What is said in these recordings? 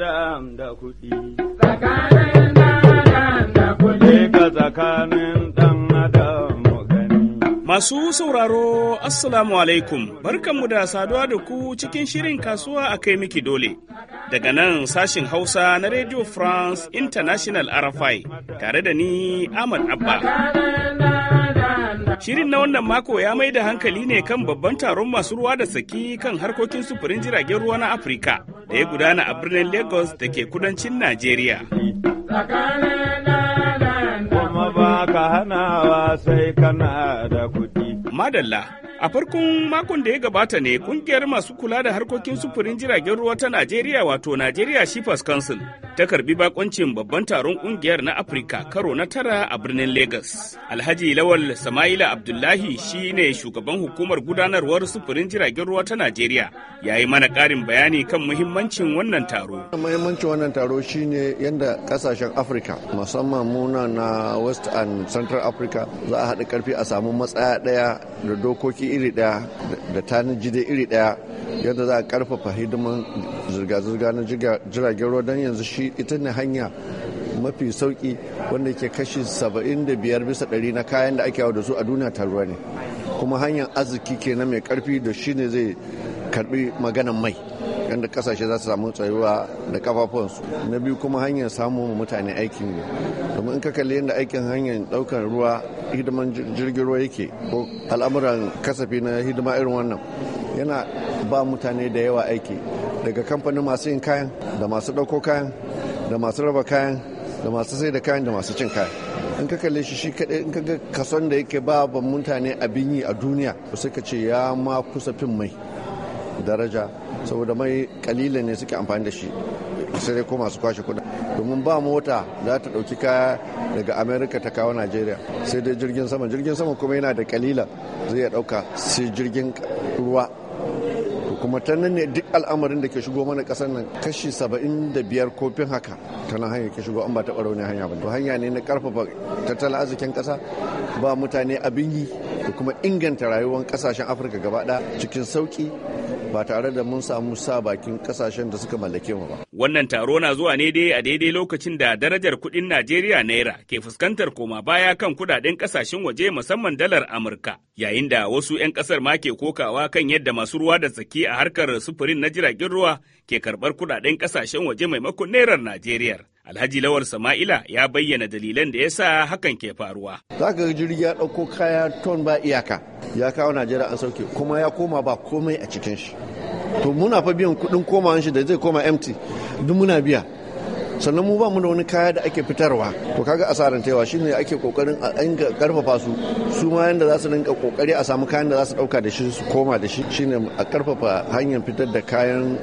Masu sauraro Assalamu alaikum, barkanmu da saduwa da ku cikin shirin kasuwa a kai miki dole. Daga nan sashin Hausa na Radio France International RFI tare da ni Ahmad Abba. Shirin na wannan mako ya mai da hankali ne kan babban taron masu ruwa da saki kan harkokin sufurin jiragen ruwa na Afirka. da ya gudana a birnin Lagos da ke kudancin Najeriya. Madalla, a farkon makon da ya gabata ne kungiyar masu kula da harkokin sufurin jiragen ruwa ta Najeriya wato Najeriya Shippers Council ta karbi bakoncin babban taron kungiyar na Afirka karo na tara a birnin Legas. Alhaji Lawal Sama'ila Abdullahi shi ne shugaban hukumar gudanarwar sufurin jiragen ruwa ta Najeriya. Ya yi mana karin bayani kan muhimmancin wannan taro. Muhimmancin wannan taro shine yadda kasashen Afirka musamman muna na West and Central Africa za a haɗa ƙarfi a samu matsaya ɗaya da dokoki iri ɗaya da tanaji da iri ɗaya yadda za a ƙarfafa hidiman zirga-zirga na jiragen ruwa don yanzu shi ita ne hanya mafi sauki wanda ke kashi 75 bisa ɗari na kayan da ake yawo da su a duniya ta ruwa ne kuma hanyar arziki ke na mai karfi da shi ne zai karbi maganan mai yadda kasashe za su samu tsayuwa da kafafuwansu na biyu kuma hanyar samun mutane aikin yi domin in ka kalli yadda aikin hanyar daukar ruwa hidiman jirgin ruwa yake ko al'amuran kasafi na hidima irin wannan yana ba mutane da yawa aiki daga kamfanin masu yin kayan da masu ɗauko kayan da masu raba kayan da masu sai da kayan da masu cin kayan in ka kalle shi shi kaɗai in ka kason da yake ba ban mutane abin yi a duniya sai ka ce ya ma kusa fin mai daraja saboda mai kalilan ne suke amfani da shi sai dai ko masu kwashe kuɗa domin ba mota za ta ɗauki kaya daga america ta kawo nigeria. sai dai jirgin sama jirgin sama kuma yana da kalila zai ya ɗauka sai jirgin ruwa kuma ta nan ne duk al'amarin da ke shigo mana kasar nan kashi saba'in da biyar kofin haka ta nan hanyar ke shigo an ba taɓa rauni hanya ba to hanya ne na karfafa tattalin arzikin ƙasa ba mutane abin yi da kuma inganta rayuwar ƙasashen afirka gaba ɗaya cikin sauƙi ba tare da mun samu sa bakin kasashen da suka mallake mu ba. Wannan taro na zuwa ne dai a daidai lokacin da darajar kuɗin Najeriya naira ke fuskantar koma baya kan kuɗaɗen kasashen waje musamman dalar Amurka. Yayin da wasu 'yan ƙasar ma ke kokawa kan yadda masu ruwa da tsaki a harkar sufurin na jiragen ruwa ke karɓar kuɗaɗen ƙasashen waje maimakon nairar Najeriya. Alhaji Lawal Sama'ila ya bayyana dalilan da ya sa hakan ke faruwa. Za ka ga jirgi ya ɗauko kaya ton ba iyaka, ya kawo Najeriya an sauke kuma ya koma ba komai a cikin shi. To muna fa biyan kuɗin komawan shi da zai koma MT duk muna biya. sannan mu ba mu da wani kaya da ake fitarwa to kaga asaran taiwa shine ake kokarin a dinga karfafa su su ma yanda za su dinga kokari a samu kayan da za su dauka da shi su koma da shi shine a karfafa hanyar fitar da kayan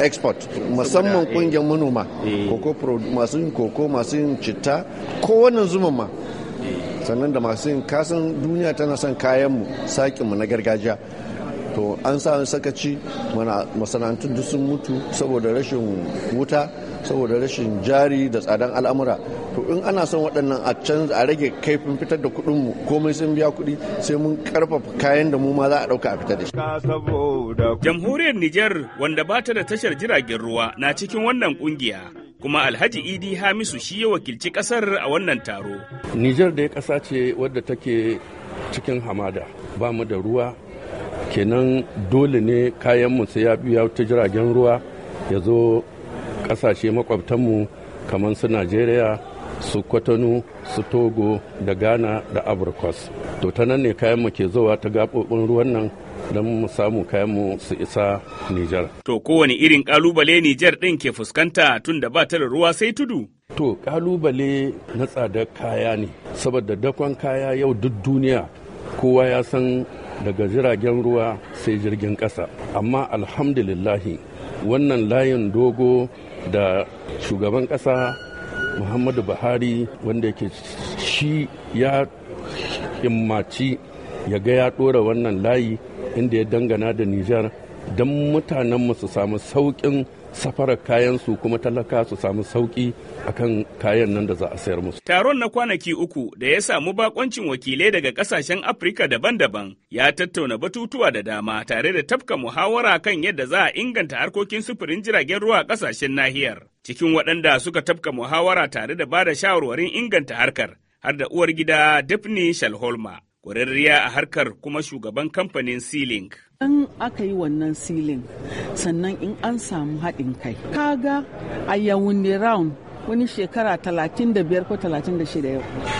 export musamman eh, kungiyar manoma eh. koko masu yin koko masu yin citta ko wannan zuman ma sannan da masu yin kasan duniya tana son kayan kayanmu mu na gargajiya to an sa sakaci masana'antun duk sun mutu saboda rashin wuta saboda rashin jari da tsadan al'amura to in ana son waɗannan a canza a rage kaifin fitar da kuɗin mu komai sun biya kuɗi sai mun karfafa kayan da mu ma za a ɗauka a fita da shi. Jamhuriyar niger wanda ba ta da tashar jiragen ruwa na cikin wannan ƙungiya kuma Alhaji Idi Hamisu shi ya wakilci ƙasar a wannan taro. niger da ya ƙasa ce wadda take cikin hamada ba mu da ruwa kenan dole ne kayan mu sai ya biya ta jiragen ruwa ya zo kasashe makwabtanmu kamar su najeriya su kwatano su togo da ghana da abrikos to ta nan ne kayanmu ke zuwa ta gaɓoɓin ruwan nan don mu samu kayanmu su isa nijar to kowane irin ƙalubale nijar ɗin ke fuskanta tun da ba ta da ruwa sai tudu to ƙalubale na tsadar kaya ne saboda dakon kaya yau duk duniya kowa ya san daga jiragen ruwa sai jirgin ƙasa amma alhamdulillahi wannan layin dogo da shugaban ƙasa muhammadu buhari wanda ke shi ya himmaci ya ga ya ɗora wannan layi inda ya dangana da nijar don mutanenmu su samu sauƙin safarar kayan su kuma talaka su samu sauki akan kayan nan da za a sayar musu. Taron na kwanaki uku da ya samu bakoncin wakilai daga kasashen Afirka daban-daban ya tattauna batutuwa da dama tare da tafka muhawara kan yadda za a inganta harkokin sufurin jiragen ruwa a kasashen nahiyar. Cikin waɗanda suka tafka muhawara tare da bada shawarwarin inganta harkar har da uwar gida Daphne Shalholma. ƙwararriya a harkar kuma shugaban kamfanin sealing. in aka yi wannan silin sannan in an samu haɗin kai kaga a yawun round wani shekara 35 ko 36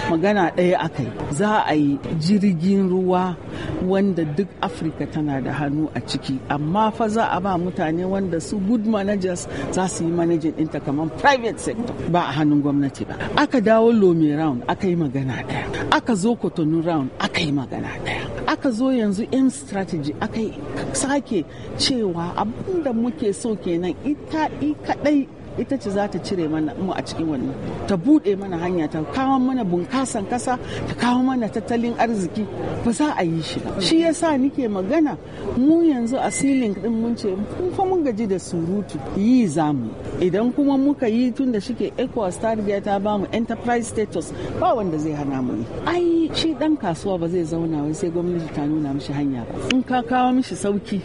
magana ɗaya aka yi za a yi jirgin ruwa wanda duk afirka tana da hannu a ciki amma fa za a ba mutane wanda su good managers za su yi managing ɗinta kamar private sector ba a hannun gwamnati ba aka dawo lome round aka yi magana ɗaya aka zo kotonu round aka yi magana ɗaya aka zo yanzu in strategy aka yi sake cewa abinda muke so kenan ita i kaɗai ita ce za ta cire mana mu a cikin wannan ta bude mana hanya ta kawo mana bunkasan kasa ta kawo mana tattalin arziki ba za a yi shi ba shi yasa nike magana mu yanzu a silin din mun ce mun fa mun gaji da surutu yi zamu idan kuma muka yi tun da shike ecowas ta riga ta ba mu enterprise status ba wanda zai hana mu yi ai shi dan kasuwa ba zai zauna wai sai gwamnati ta nuna mishi hanya ba in ka kawo mishi sauki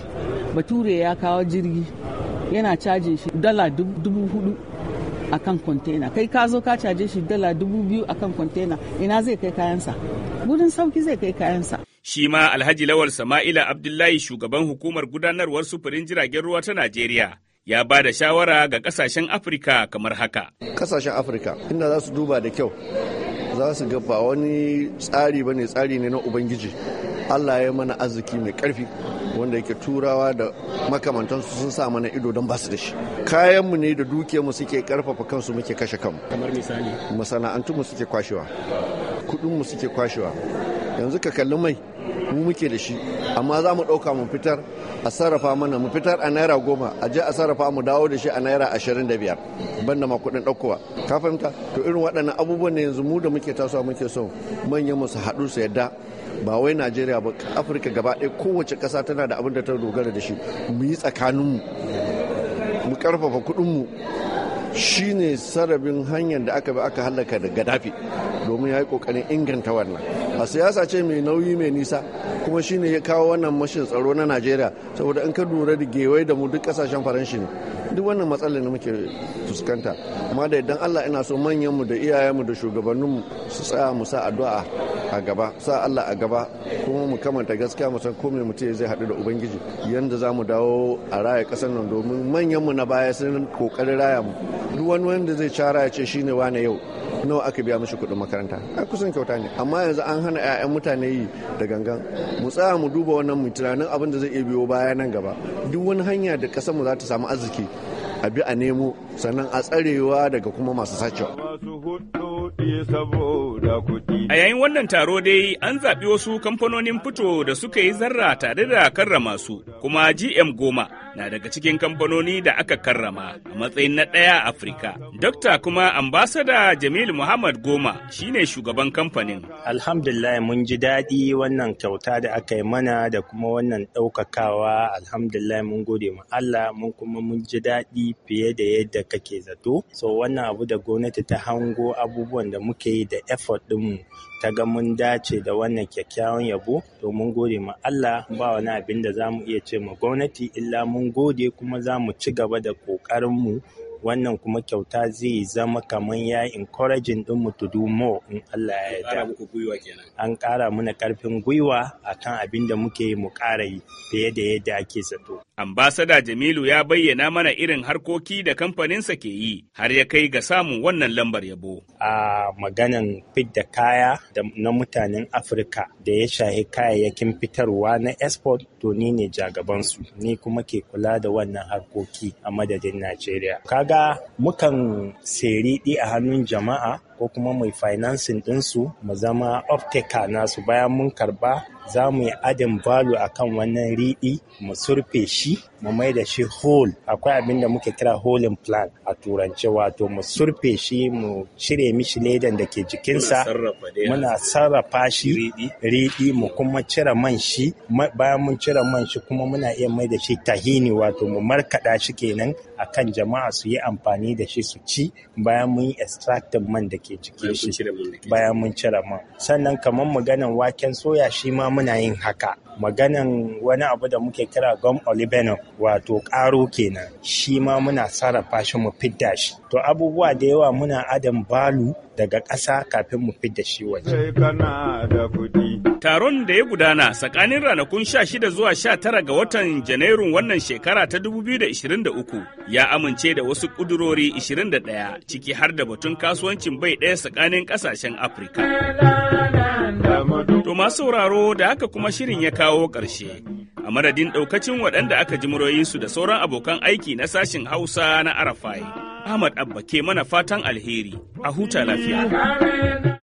bature ya kawo jirgi yana cajin shi dala dubu hudu a kan kwantena kai ka zo ka caje shi dala dubu biyu a kan kwantena ina zai kai kayansa gudun sauki zai kai kayansa shi ma alhaji lawal sama'ila abdullahi shugaban hukumar gudanarwar sufurin jiragen ruwa ta najeriya ya ba da shawara ga kasashen afirka kamar haka kasashen afirka inda za su duba da kyau za su ga ba wani tsari ba tsari ne na ubangiji allah ya mana arziki mai karfi wanda yake turawa da makamantansu sun sa mana ido don basu da shi kayanmu ne da dukiyarmu suke karfafa kansu muke kashe kanmu kamar misali masana'antunmu suke kwashewa kudinmu suke kwashewa yanzu ka kalli mai mu muke da shi amma za mu ɗauka mu fitar a sarrafa mana mu fitar a naira goma a je a sarrafa mu dawo da shi a naira ashirin da biyar banda ma kuɗin ɗaukowa ka fahimta to irin waɗannan abubuwan ne yanzu mu da muke tasowa muke so manyan mu su haɗu su yadda ba wai najeriya ba afirka gaba ɗaya kowace ƙasa tana da abin da ta dogara da shi mu yi tsakaninmu mu ƙarfafa kuɗinmu shi ne sarabin hanyar da aka bi aka hallaka da gaddafi domin ya yi ƙoƙarin inganta wannan a siyasa ce mai nauyi mai nisa kuma shine ya kawo wannan mashin tsaro na najeriya saboda in ka lura da gewai da mu duk kasashen faranshi ne duk wannan matsalar da muke fuskanta amma da idan allah ina so manyanmu da iyayenmu da shugabanninmu su tsaya mu sa addu'a a gaba sa allah a gaba kuma mu kamanta gaskiya mu san ko komai mutum zai haɗu da ubangiji yanda za mu dawo a raya ƙasar nan domin manyanmu na baya sun kokarin raya mu duk wani wanda zai cara ya ce shine wane yau nawa aka biya mishi kuɗin makaranta a kusan kyauta ne amma yanzu an hana 'ya'yan mutane yi da gangan mu tsaya mu duba wannan mu tunanin abin da zai iya biyo baya nan gaba duk wani hanya da ƙasar mu za ta samu arziki a bi a nemo sannan a tsarewa daga kuma masu sacewa kuɗi. A yayin wannan taro dai an zaɓi wasu kamfanonin fito da suka yi zarra tare da karrama su, kuma GM goma na daga cikin kamfanoni da aka karrama a matsayin na ɗaya Afirka. Dokta kuma ambasada Jamil Muhammad goma shine shugaban kamfanin. Alhamdulillah mun ji daɗi wannan kyauta da aka yi mana da kuma wannan ɗaukakawa alhamdulillah mun gode ma Allah mun kuma mun ji daɗi fiye da yadda kake zato. So wannan abu da gwamnati ta hango abubuwan da muke yi da effort ɗinmu ta ga mun dace da wannan kyakkyawan yabo to mun gode ma Allah ba wani abin da za mu iya ce ma gwamnati illa mun gode kuma za mu ci gaba da mu wannan kuma kyauta zai zama kamar ya encouraging din mu to do more in Allah ya yarda an ƙara mana karfin gwiwa akan abin da muke mu ƙara yi fiye da yadda ake zato ambasada Jamilu ya bayyana mana irin harkoki da kamfaninsa ke yi har ya kai ga samun wannan lambar yabo a maganan fidda kaya na mutanen Afirka da ya shahi kayayyakin fitarwa na export to ni ne jagabansu ni kuma ke kula da wannan harkoki a madadin Najeriya ga mukan seri a hannun jama'a ko kuma mai financing ɗinsu mu zama optica nasu bayan mun karba za mu yi adin balu a kan wannan riɗi mu surfe shi mu mai da shi hole akwai abin da muke kira holin plan a turance wato mu surfe shi mu cire mishi ledan da ke jikinsa muna sarrafa shi riɗi mu kuma cire man shi bayan mun cire man shi kuma muna iya mai da shi tahini wato mu markaɗa shi kenan a kan jama'a su yi amfani da shi su ci bayan mun yi extracting man da ke cikin shi bayan mun cire man sannan kamar maganan waken soya shi ma muna yin haka maganan wani abu da muke kira gum olibenum wato karo kenan shi ma muna sarrafa shi mu fidda shi to abubuwa da yawa muna adam balu daga ƙasa kafin mu fidda shi waje. Taron da ya gudana tsakanin ranakun 16 zuwa 19 ga watan Janairun wannan shekara ta 2023 ya amince da wasu ƙudurori 21 ciki har da batun kasuwancin bai ɗaya tsakanin ƙasashen Afirka. To masu sauraro da haka kuma shirin ya kawo ƙarshe. A madadin ɗaukacin waɗanda aka ji su da sauran abokan aiki na sashin Hausa na Arafai, Ahmad Abba ke mana fatan alheri, a huta lafiya.